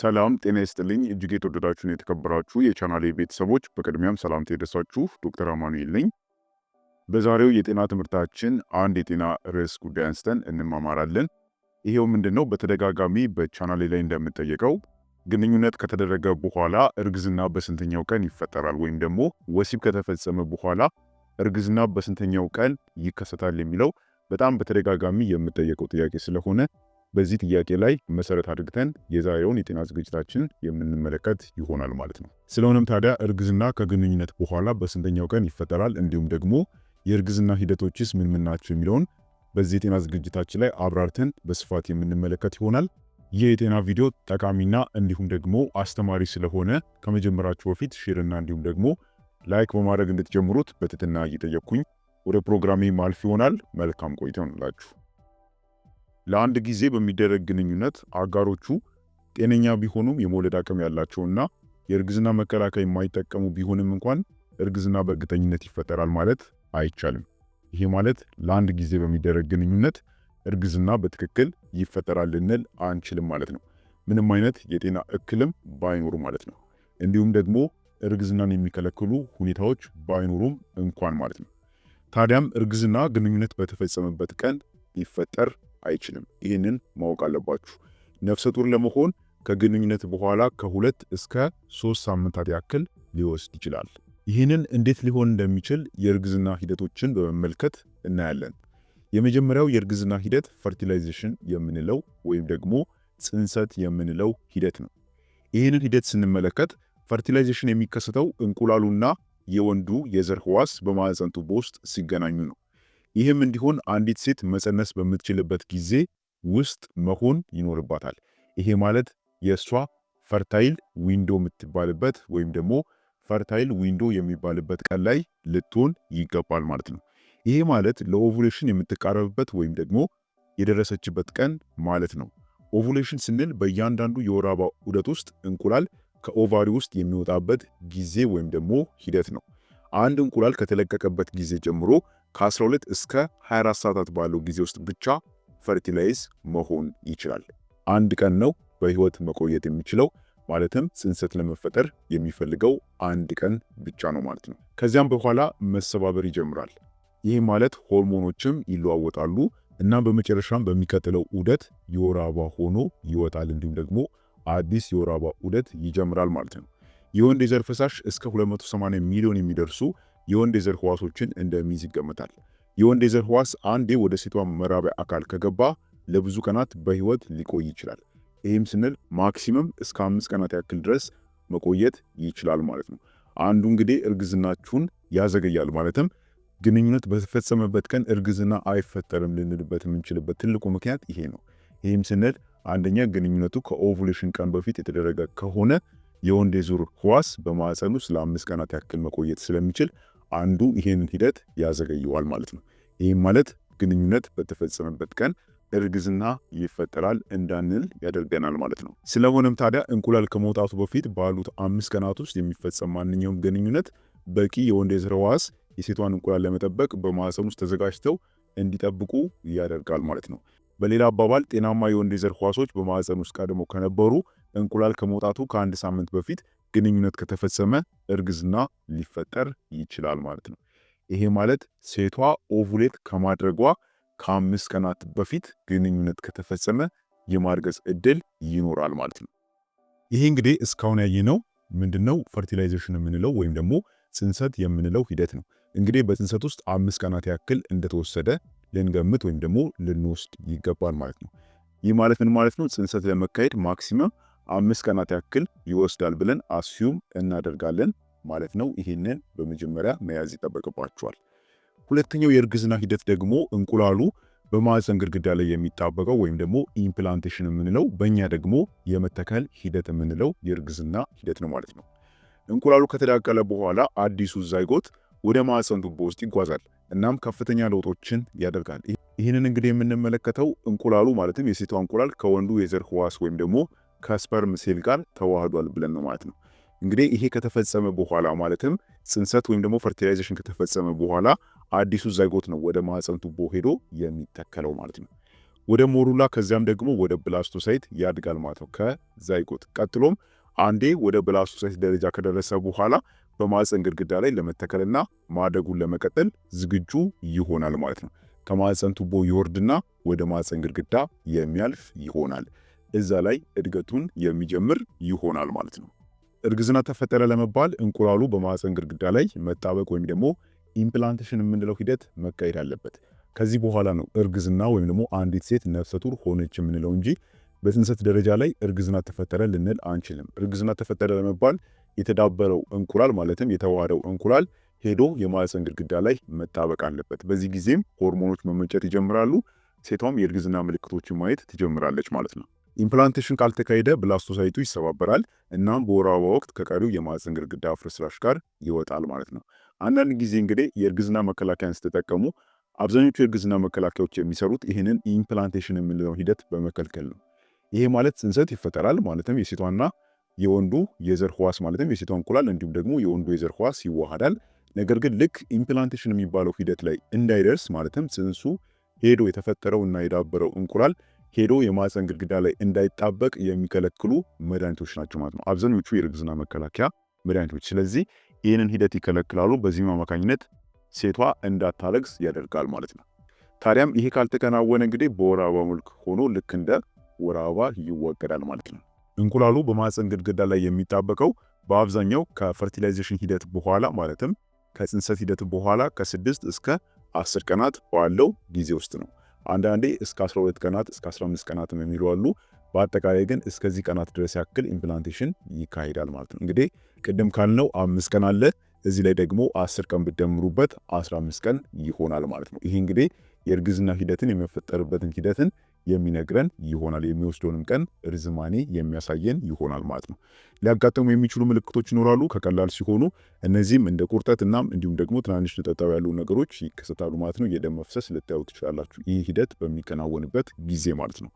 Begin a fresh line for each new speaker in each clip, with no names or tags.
ሰላም ጤና ይስጥልኝ እጅግ የተወደዳችሁን የተከበራችሁ የቻናሌ ቤተሰቦች በቅድሚያም ሰላምታ ይድረሳችሁ። ዶክተር አማኑኤል ነኝ። በዛሬው የጤና ትምህርታችን አንድ የጤና ርዕስ ጉዳይ አንስተን እንማማራለን። ይሄው ምንድን ነው? በተደጋጋሚ በቻናሌ ላይ እንደምጠየቀው ግንኙነት ከተደረገ በኋላ እርግዝና በስንተኛው ቀን ይፈጠራል ወይም ደግሞ ወሲብ ከተፈጸመ በኋላ እርግዝና በስንተኛው ቀን ይከሰታል የሚለው በጣም በተደጋጋሚ የምጠየቀው ጥያቄ ስለሆነ በዚህ ጥያቄ ላይ መሰረት አድርግተን የዛሬውን የጤና ዝግጅታችን የምንመለከት ይሆናል ማለት ነው። ስለሆነም ታዲያ እርግዝና ከግንኙነት በኋላ በስንተኛው ቀን ይፈጠራል፣ እንዲሁም ደግሞ የእርግዝና ሂደቶችስ ምን ምን ናቸው የሚለውን በዚህ የጤና ዝግጅታችን ላይ አብራርተን በስፋት የምንመለከት ይሆናል። ይህ የጤና ቪዲዮ ጠቃሚና እንዲሁም ደግሞ አስተማሪ ስለሆነ ከመጀመራችሁ በፊት ሼርና እንዲሁም ደግሞ ላይክ በማድረግ እንድትጀምሩት በትትና እየጠየቅኩኝ ወደ ፕሮግራሜ ማልፍ ይሆናል። መልካም ቆይታ ይሆንላችሁ። ለአንድ ጊዜ በሚደረግ ግንኙነት አጋሮቹ ጤነኛ ቢሆኑም የመውለድ አቅም ያላቸውና የእርግዝና መከላከያ የማይጠቀሙ ቢሆንም እንኳን እርግዝና በእርግጠኝነት ይፈጠራል ማለት አይቻልም። ይሄ ማለት ለአንድ ጊዜ በሚደረግ ግንኙነት እርግዝና በትክክል ይፈጠራል ልንል አንችልም ማለት ነው። ምንም አይነት የጤና እክልም ባይኖሩ ማለት ነው። እንዲሁም ደግሞ እርግዝናን የሚከለክሉ ሁኔታዎች ባይኖሩም እንኳን ማለት ነው። ታዲያም እርግዝና ግንኙነት በተፈጸመበት ቀን ሊፈጠር አይችልም። ይህንን ማወቅ አለባችሁ። ነፍሰ ጡር ለመሆን ከግንኙነት በኋላ ከሁለት እስከ ሶስት ሳምንታት ያክል ሊወስድ ይችላል። ይህንን እንዴት ሊሆን እንደሚችል የእርግዝና ሂደቶችን በመመልከት እናያለን። የመጀመሪያው የእርግዝና ሂደት ፈርቲላይዜሽን የምንለው ወይም ደግሞ ጽንሰት የምንለው ሂደት ነው። ይህንን ሂደት ስንመለከት ፈርቲላይዜሽን የሚከሰተው እንቁላሉና የወንዱ የዘር ህዋስ በማህፀን ቱቦ ውስጥ ሲገናኙ ነው። ይህም እንዲሆን አንዲት ሴት መፀነስ በምትችልበት ጊዜ ውስጥ መሆን ይኖርባታል። ይሄ ማለት የእሷ ፈርታይል ዊንዶ የምትባልበት ወይም ደግሞ ፈርታይል ዊንዶ የሚባልበት ቀን ላይ ልትሆን ይገባል ማለት ነው። ይሄ ማለት ለኦቮሌሽን የምትቃረብበት ወይም ደግሞ የደረሰችበት ቀን ማለት ነው። ኦቭሌሽን ስንል በእያንዳንዱ የወር አበባ ዑደት ውስጥ እንቁላል ከኦቫሪ ውስጥ የሚወጣበት ጊዜ ወይም ደግሞ ሂደት ነው። አንድ እንቁላል ከተለቀቀበት ጊዜ ጀምሮ ከ12 እስከ 24 ሰዓታት ባለው ጊዜ ውስጥ ብቻ ፈርቲላይዝ መሆን ይችላል። አንድ ቀን ነው በህይወት መቆየት የሚችለው ማለትም ጽንሰት ለመፈጠር የሚፈልገው አንድ ቀን ብቻ ነው ማለት ነው። ከዚያም በኋላ መሰባበር ይጀምራል። ይህ ማለት ሆርሞኖችም ይለዋወጣሉ እና በመጨረሻም በሚቀጥለው ዑደት የወር አበባ ሆኖ ይወጣል። እንዲሁም ደግሞ አዲስ የወር አበባ ዑደት ይጀምራል ማለት ነው። የወንድ የዘር ፈሳሽ እስከ 280 ሚሊዮን የሚደርሱ የወንድ የዘር ህዋሶችን እንደሚይዝ ይገመታል። የወንድ የዘር ህዋስ አንዴ ወደ ሴቷ መራቢያ አካል ከገባ ለብዙ ቀናት በህይወት ሊቆይ ይችላል። ይህም ስንል ማክሲመም እስከ አምስት ቀናት ያክል ድረስ መቆየት ይችላል ማለት ነው። አንዱ እንግዲህ እርግዝናችሁን ያዘገያል ማለትም ግንኙነት በተፈጸመበት ቀን እርግዝና አይፈጠርም ልንልበት የምንችልበት ትልቁ ምክንያት ይሄ ነው። ይህም ስንል አንደኛ ግንኙነቱ ከኦቭሌሽን ቀን በፊት የተደረገ ከሆነ የወንድ የዘር ህዋስ በማህፀን ውስጥ ለአምስት ቀናት ያክል መቆየት ስለሚችል አንዱ ይህንን ሂደት ያዘገየዋል ማለት ነው። ይህም ማለት ግንኙነት በተፈጸመበት ቀን እርግዝና ይፈጠራል እንዳንል ያደርገናል ማለት ነው። ስለሆነም ታዲያ እንቁላል ከመውጣቱ በፊት ባሉት አምስት ቀናት ውስጥ የሚፈጸም ማንኛውም ግንኙነት በቂ የወንድ የዘር የሴቷን እንቁላል ለመጠበቅ በማህፀን ውስጥ ተዘጋጅተው እንዲጠብቁ ያደርጋል ማለት ነው። በሌላ አባባል ጤናማ የወንድ የዘር ህዋሶች በማህፀን ውስጥ ቀድሞ ከነበሩ እንቁላል ከመውጣቱ ከአንድ ሳምንት በፊት ግንኙነት ከተፈጸመ እርግዝና ሊፈጠር ይችላል ማለት ነው። ይሄ ማለት ሴቷ ኦቭሌት ከማድረጓ ከአምስት ቀናት በፊት ግንኙነት ከተፈጸመ የማርገዝ እድል ይኖራል ማለት ነው። ይሄ እንግዲህ እስካሁን ያየነው ምንድነው ፈርቲላይዜሽን የምንለው ወይም ደግሞ ጽንሰት የምንለው ሂደት ነው። እንግዲህ በጽንሰት ውስጥ አምስት ቀናት ያክል እንደተወሰደ ልንገምት ወይም ደግሞ ልንወስድ ይገባል ማለት ነው። ይህ ማለት ምን ማለት ነው? ጽንሰት ለመካሄድ ማክሲመም አምስት ቀናት ያክል ይወስዳል ብለን አስዩም እናደርጋለን ማለት ነው። ይህንን በመጀመሪያ መያዝ ይጠበቅባቸዋል። ሁለተኛው የእርግዝና ሂደት ደግሞ እንቁላሉ በማዕፀን ግድግዳ ላይ የሚጣበቀው ወይም ደግሞ ኢምፕላንቴሽን የምንለው በእኛ ደግሞ የመተከል ሂደት የምንለው የእርግዝና ሂደት ነው ማለት ነው። እንቁላሉ ከተዳቀለ በኋላ አዲሱ ዛይጎት ወደ ማዕፀን ቱቦ ውስጥ ይጓዛል። እናም ከፍተኛ ለውጦችን ያደርጋል። ይህንን እንግዲህ የምንመለከተው እንቁላሉ ማለትም የሴቷ እንቁላል ከወንዱ የዘር ህዋስ ወይም ደግሞ ከስፐርም ሴል ጋር ተዋህዷል ብለን ነው ማለት ነው። እንግዲህ ይሄ ከተፈጸመ በኋላ ማለትም ጽንሰት ወይም ደግሞ ፈርቲላይዜሽን ከተፈጸመ በኋላ አዲሱ ዛይጎት ነው ወደ ማህፀን ቱቦ ሄዶ የሚተከለው ማለት ነው። ወደ ሞሩላ ከዚያም ደግሞ ወደ ብላስቶሳይት ያድጋል ማለት ነው ከዛይጎት ቀጥሎም አንዴ ወደ ብላስቶሳይት ደረጃ ከደረሰ በኋላ በማህፀን ግድግዳ ላይ ለመተከልና ማደጉን ለመቀጠል ዝግጁ ይሆናል ማለት ነው። ከማህፀን ቱቦ ይወርድና ወደ ማህፀን ግድግዳ የሚያልፍ ይሆናል። እዛ ላይ እድገቱን የሚጀምር ይሆናል ማለት ነው። እርግዝና ተፈጠረ ለመባል እንቁላሉ በማህፀን ግድግዳ ላይ መጣበቅ ወይም ደግሞ ኢምፕላንቴሽን የምንለው ሂደት መካሄድ አለበት። ከዚህ በኋላ ነው እርግዝና ወይም ደግሞ አንዲት ሴት ነፍሰቱር ሆነች የምንለው እንጂ በጽንሰት ደረጃ ላይ እርግዝና ተፈጠረ ልንል አንችልም። እርግዝና ተፈጠረ ለመባል የተዳበረው እንቁላል ማለትም የተዋሃደው እንቁላል ሄዶ የማህፀን ግድግዳ ላይ መጣበቅ አለበት። በዚህ ጊዜም ሆርሞኖች መመንጨት ይጀምራሉ። ሴቷም የእርግዝና ምልክቶችን ማየት ትጀምራለች ማለት ነው። ኢምፕላንቴሽን ካልተካሄደ ብላስቶሳይቱ ይሰባበራል፣ እናም በወር አበባ ወቅት ከቀሪው የማህፀን ግድግዳ ፍርስራሽ ጋር ይወጣል ማለት ነው። አንዳንድ ጊዜ እንግዲህ የእርግዝና መከላከያን ስትጠቀሙ አብዛኞቹ የእርግዝና መከላከያዎች የሚሰሩት ይህንን ኢምፕላንቴሽን የምንለው ሂደት በመከልከል ነው። ይሄ ማለት ጽንሰት ይፈጠራል ማለትም የሴቷና የወንዱ የዘር ህዋስ ማለትም የሴቷ እንቁላል እንዲሁም ደግሞ የወንዱ የዘር ህዋስ ይዋሃዳል። ነገር ግን ልክ ኢምፕላንቴሽን የሚባለው ሂደት ላይ እንዳይደርስ ማለትም ጽንሱ ሄዶ የተፈጠረው እና የዳበረው እንቁላል ሄዶ የማፀን ግድግዳ ላይ እንዳይጣበቅ የሚከለክሉ መድኃኒቶች ናቸው ማለት ነው፣ አብዛኞቹ የእርግዝና መከላከያ መድኃኒቶች። ስለዚህ ይህንን ሂደት ይከለክላሉ። በዚህም አማካኝነት ሴቷ እንዳታረግዝ ያደርጋል ማለት ነው። ታዲያም ይሄ ካልተከናወነ እንግዲህ በወር አበባ መልክ ሆኖ ልክ እንደ ወር አበባ ይወገዳል ማለት ነው። እንቁላሉ በማህፀን ግድግዳ ላይ የሚጣበቀው በአብዛኛው ከፈርቲላይዜሽን ሂደት በኋላ ማለትም ከጽንሰት ሂደት በኋላ ከስድስት እስከ አስር ቀናት ባለው ጊዜ ውስጥ ነው። አንዳንዴ እስከ 12 ቀናት እስከ 15 ቀናትም የሚሉ አሉ። በአጠቃላይ ግን እስከዚህ ቀናት ድረስ ያክል ኢምፕላንቴሽን ይካሄዳል ማለት ነው። እንግዲህ ቅድም ካልነው አምስት ቀን አለ እዚህ ላይ ደግሞ አስር ቀን ብትደምሩበት 15 ቀን ይሆናል ማለት ነው። ይህ እንግዲህ የእርግዝና ሂደትን የሚፈጠርበትን ሂደትን የሚነግረን ይሆናል። የሚወስደውንም ቀን ርዝማኔ የሚያሳየን ይሆናል ማለት ነው። ሊያጋጥሙ የሚችሉ ምልክቶች ይኖራሉ ከቀላል ሲሆኑ እነዚህም እንደ ቁርጠት እናም እንዲሁም ደግሞ ትናንሽ ነጠብጣብ ያሉ ነገሮች ይከሰታሉ ማለት ነው። የደም መፍሰስ ልታዩ ትችላላችሁ። ይህ ሂደት በሚከናወንበት ጊዜ ማለት ነው።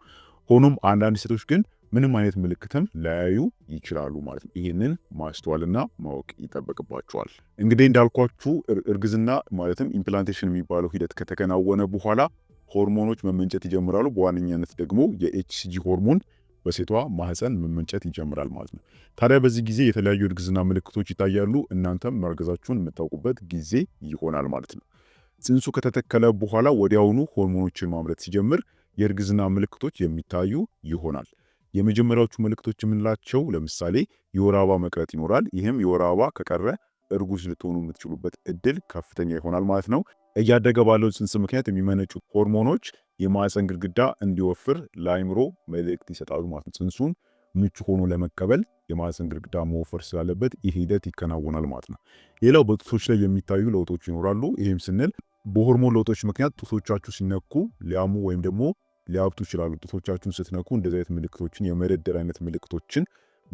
ሆኖም አንዳንድ ሴቶች ግን ምንም አይነት ምልክትም ላያዩ ይችላሉ ማለት ነው። ይህንን ማስተዋልና ማወቅ ይጠበቅባቸዋል። እንግዲህ እንዳልኳችሁ እርግዝና ማለትም ኢምፕላንቴሽን የሚባለው ሂደት ከተከናወነ በኋላ ሆርሞኖች መመንጨት ይጀምራሉ። በዋነኛነት ደግሞ የኤችሲጂ ሆርሞን በሴቷ ማህፀን መመንጨት ይጀምራል ማለት ነው። ታዲያ በዚህ ጊዜ የተለያዩ እርግዝና ምልክቶች ይታያሉ። እናንተም መርገዛችሁን የምታውቁበት ጊዜ ይሆናል ማለት ነው። ጽንሱ ከተተከለ በኋላ ወዲያውኑ ሆርሞኖችን ማምረት ሲጀምር የእርግዝና ምልክቶች የሚታዩ ይሆናል። የመጀመሪያዎቹ ምልክቶች የምንላቸው ለምሳሌ የወር አበባ መቅረት ይኖራል። ይህም የወር አበባ ከቀረ እርጉዝ ልትሆኑ የምትችሉበት እድል ከፍተኛ ይሆናል ማለት ነው። እያደገ ባለው ጽንስ ምክንያት የሚመነጩ ሆርሞኖች የማህፀን ግድግዳ እንዲወፍር ለአይምሮ መልእክት ይሰጣሉ ማለት ነው። ጽንሱን ምቹ ሆኖ ለመቀበል የማህፀን ግድግዳ መወፈር ስላለበት ይህ ሂደት ይከናወናል ማለት ነው። ሌላው በጡቶች ላይ የሚታዩ ለውጦች ይኖራሉ። ይህም ስንል በሆርሞን ለውጦች ምክንያት ጡቶቻችሁ ሲነኩ ሊያሙ ወይም ደግሞ ሊያብጡ ይችላሉ። ጡቶቻችሁን ስትነኩ እንደዚህ አይነት ምልክቶችን የመደደር አይነት ምልክቶችን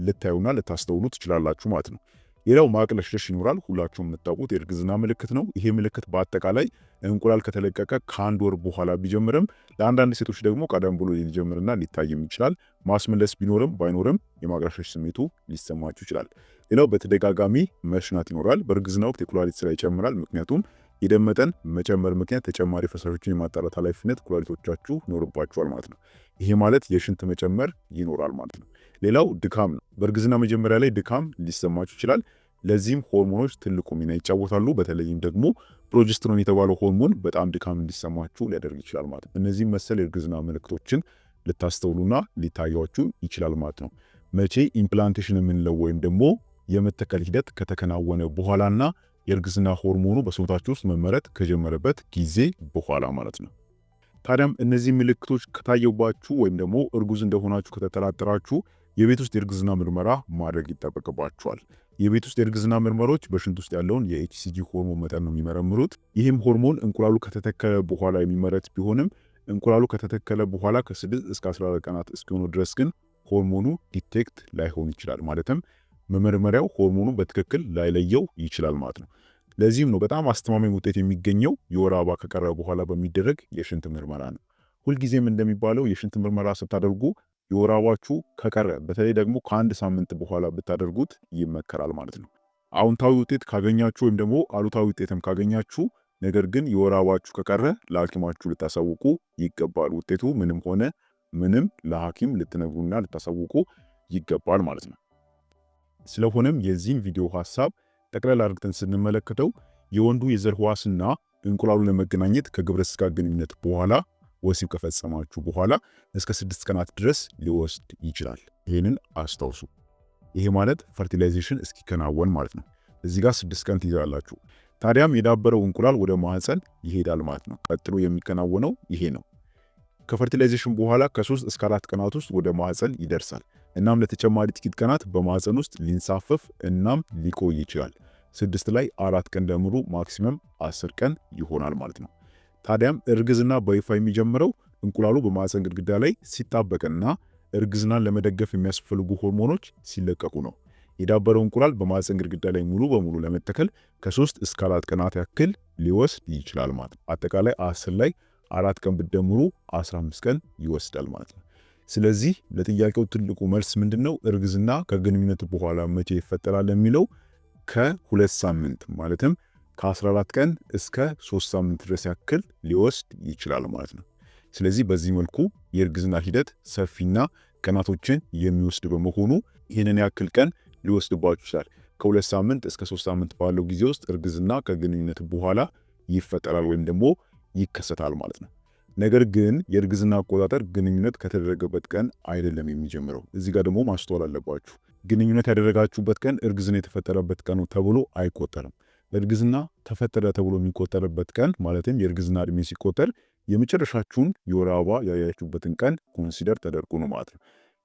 ልታዩና ልታስተውሉ ትችላላችሁ ማለት ነው። ሌላው ማቅለሽለሽ ይኖራል። ሁላችሁም የምታውቁት የእርግዝና ምልክት ነው። ይሄ ምልክት በአጠቃላይ እንቁላል ከተለቀቀ ከአንድ ወር በኋላ ቢጀምርም ለአንዳንድ ሴቶች ደግሞ ቀደም ብሎ ሊጀምርና ሊታይም ይችላል። ማስመለስ ቢኖርም ባይኖርም የማቅለሽለሽ ስሜቱ ሊሰማችሁ ይችላል። ሌላው በተደጋጋሚ መሽናት ይኖራል። በእርግዝና ወቅት የኩላሊት ስራ ይጨምራል። ምክንያቱም የደም መጠን መጨመር ምክንያት ተጨማሪ ፈሳሾችን የማጣራት ኃላፊነት ኩላሊቶቻችሁ ይኖርባችኋል ማለት ነው። ይሄ ማለት የሽንት መጨመር ይኖራል ማለት ነው። ሌላው ድካም ነው። በእርግዝና መጀመሪያ ላይ ድካም ሊሰማችሁ ይችላል። ለዚህም ሆርሞኖች ትልቁ ሚና ይጫወታሉ። በተለይም ደግሞ ፕሮጀስትሮን የተባለው ሆርሞን በጣም ድካም እንዲሰማችሁ ሊያደርግ ይችላል ማለት ነው። እነዚህ መሰል የእርግዝና ምልክቶችን ልታስተውሉና ሊታያችሁ ይችላል ማለት ነው። መቼ ኢምፕላንቴሽን የምንለው ወይም ደግሞ የመተከል ሂደት ከተከናወነ በኋላና የእርግዝና ሆርሞኑ በሰውነታችሁ ውስጥ መመረት ከጀመረበት ጊዜ በኋላ ማለት ነው። ታዲያም እነዚህ ምልክቶች ከታየባችሁ ወይም ደግሞ እርጉዝ እንደሆናችሁ ከተጠራጠራችሁ የቤት ውስጥ የእርግዝና ምርመራ ማድረግ ይጠበቅባቸዋል። የቤት ውስጥ የእርግዝና ምርመሮች በሽንት ውስጥ ያለውን የኤችሲጂ ሆርሞን መጠን ነው የሚመረምሩት። ይህም ሆርሞን እንቁላሉ ከተተከለ በኋላ የሚመረት ቢሆንም እንቁላሉ ከተተከለ በኋላ ከስድስት እስከ 14 ቀናት እስኪሆኑ ድረስ ግን ሆርሞኑ ዲቴክት ላይሆን ይችላል። ማለትም መመርመሪያው ሆርሞኑ በትክክል ላይለየው ይችላል ማለት ነው። ለዚህም ነው በጣም አስተማማኝ ውጤት የሚገኘው የወር አበባ ከቀረበ በኋላ በሚደረግ የሽንት ምርመራ ነው። ሁልጊዜም እንደሚባለው የሽንት ምርመራ ስታደርጉ የወር አበባችሁ ከቀረ በተለይ ደግሞ ከአንድ ሳምንት በኋላ ብታደርጉት ይመከራል ማለት ነው። አውንታዊ ውጤት ካገኛችሁ ወይም ደግሞ አሉታዊ ውጤትም ካገኛችሁ ነገር ግን የወር አበባችሁ ከቀረ ለሐኪማችሁ ልታሳውቁ ይገባል። ውጤቱ ምንም ሆነ ምንም ለሐኪም ልትነግሩና ልታሳውቁ ይገባል ማለት ነው። ስለሆነም የዚህን ቪዲዮ ሐሳብ ጠቅላላ አድርግተን ስንመለከተው የወንዱ የዘር ህዋስና እንቁላሉ ለመገናኘት ከግብረ ሥጋ ግንኙነት በኋላ ወሲብ ከፈጸማችሁ በኋላ እስከ ስድስት ቀናት ድረስ ሊወስድ ይችላል። ይህንን አስታውሱ። ይሄ ማለት ፈርቲላይዜሽን እስኪከናወን ማለት ነው። እዚህ ጋር ስድስት ቀን ትይዛላችሁ። ታዲያም የዳበረው እንቁላል ወደ ማህፀን ይሄዳል ማለት ነው። ቀጥሎ የሚከናወነው ይሄ ነው። ከፈርቲላይዜሽን በኋላ ከሶስት እስከ አራት ቀናት ውስጥ ወደ ማህፀን ይደርሳል። እናም ለተጨማሪ ጥቂት ቀናት በማህፀን ውስጥ ሊንሳፈፍ እናም ሊቆይ ይችላል። ስድስት ላይ አራት ቀን ደምሩ ማክሲመም አስር ቀን ይሆናል ማለት ነው። ታዲያም እርግዝና በይፋ የሚጀምረው እንቁላሉ በማህፀን ግድግዳ ላይ ሲጣበቅና እርግዝናን ለመደገፍ የሚያስፈልጉ ሆርሞኖች ሲለቀቁ ነው። የዳበረው እንቁላል በማህፀን ግድግዳ ላይ ሙሉ በሙሉ ለመተከል ከሶስት እስከ አራት ቀናት ያክል ሊወስድ ይችላል ማለት ነው። አጠቃላይ አስር ላይ አራት ቀን ብትደምሩ 15 ቀን ይወስዳል ማለት ነው። ስለዚህ ለጥያቄው ትልቁ መልስ ምንድነው? እርግዝና ከግንኙነት በኋላ መቼ ይፈጠራል የሚለው ከሁለት ሳምንት ማለትም ከ14 ቀን እስከ 3 ሳምንት ድረስ ያክል ሊወስድ ይችላል ማለት ነው። ስለዚህ በዚህ መልኩ የእርግዝና ሂደት ሰፊና ቀናቶችን የሚወስድ በመሆኑ ይህንን ያክል ቀን ሊወስድባችሁ ይችላል። ከሁለት ሳምንት እስከ ሶስት ሳምንት ባለው ጊዜ ውስጥ እርግዝና ከግንኙነት በኋላ ይፈጠራል ወይም ደግሞ ይከሰታል ማለት ነው። ነገር ግን የእርግዝና አቆጣጠር ግንኙነት ከተደረገበት ቀን አይደለም የሚጀምረው። እዚህ ጋር ደግሞ ማስተዋል አለባችሁ። ግንኙነት ያደረጋችሁበት ቀን እርግዝና የተፈጠረበት ቀኑ ተብሎ አይቆጠርም። እርግዝና ተፈጠረ ተብሎ የሚቆጠርበት ቀን ማለትም የእርግዝና እድሜ ሲቆጠር የመጨረሻችሁን የወር አበባ ያያችሁበትን ቀን ኮንሲደር ተደርጎ ነው ማለት ነው።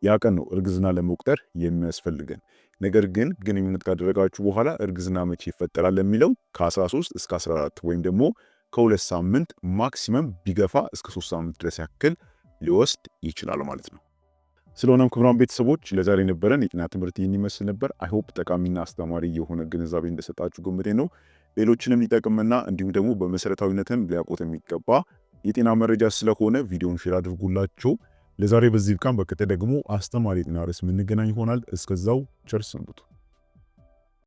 ያ ቀን ነው እርግዝና ለመቁጠር የሚያስፈልገን። ነገር ግን ግንኙነት ካደረጋችሁ በኋላ እርግዝና መቼ ይፈጠራል የሚለው ከ13 እስከ 14 ወይም ደግሞ ከሁለት ሳምንት ማክሲመም ቢገፋ እስከ ሶስት ሳምንት ድረስ ያክል ሊወስድ ይችላል ማለት ነው። ስለሆነም ክቡራን ቤተሰቦች ለዛሬ ነበረን የጤና ትምህርት ይህን ይመስል ነበር። አይሆፕ ጠቃሚና አስተማሪ የሆነ ግንዛቤ እንደሰጣችሁ ግምቴ ነው። ሌሎችንም ሊጠቅምና እንዲሁም ደግሞ በመሰረታዊነትም ሊያውቁት የሚገባ የጤና መረጃ ስለሆነ ቪዲዮን ሼር አድርጉላችሁ። ለዛሬ በዚህ ብቃን። በቀጣይ ደግሞ አስተማሪ የጤና ርዕስ የምንገናኝ ይሆናል። እስከዛው ቸር ሰንብቱ።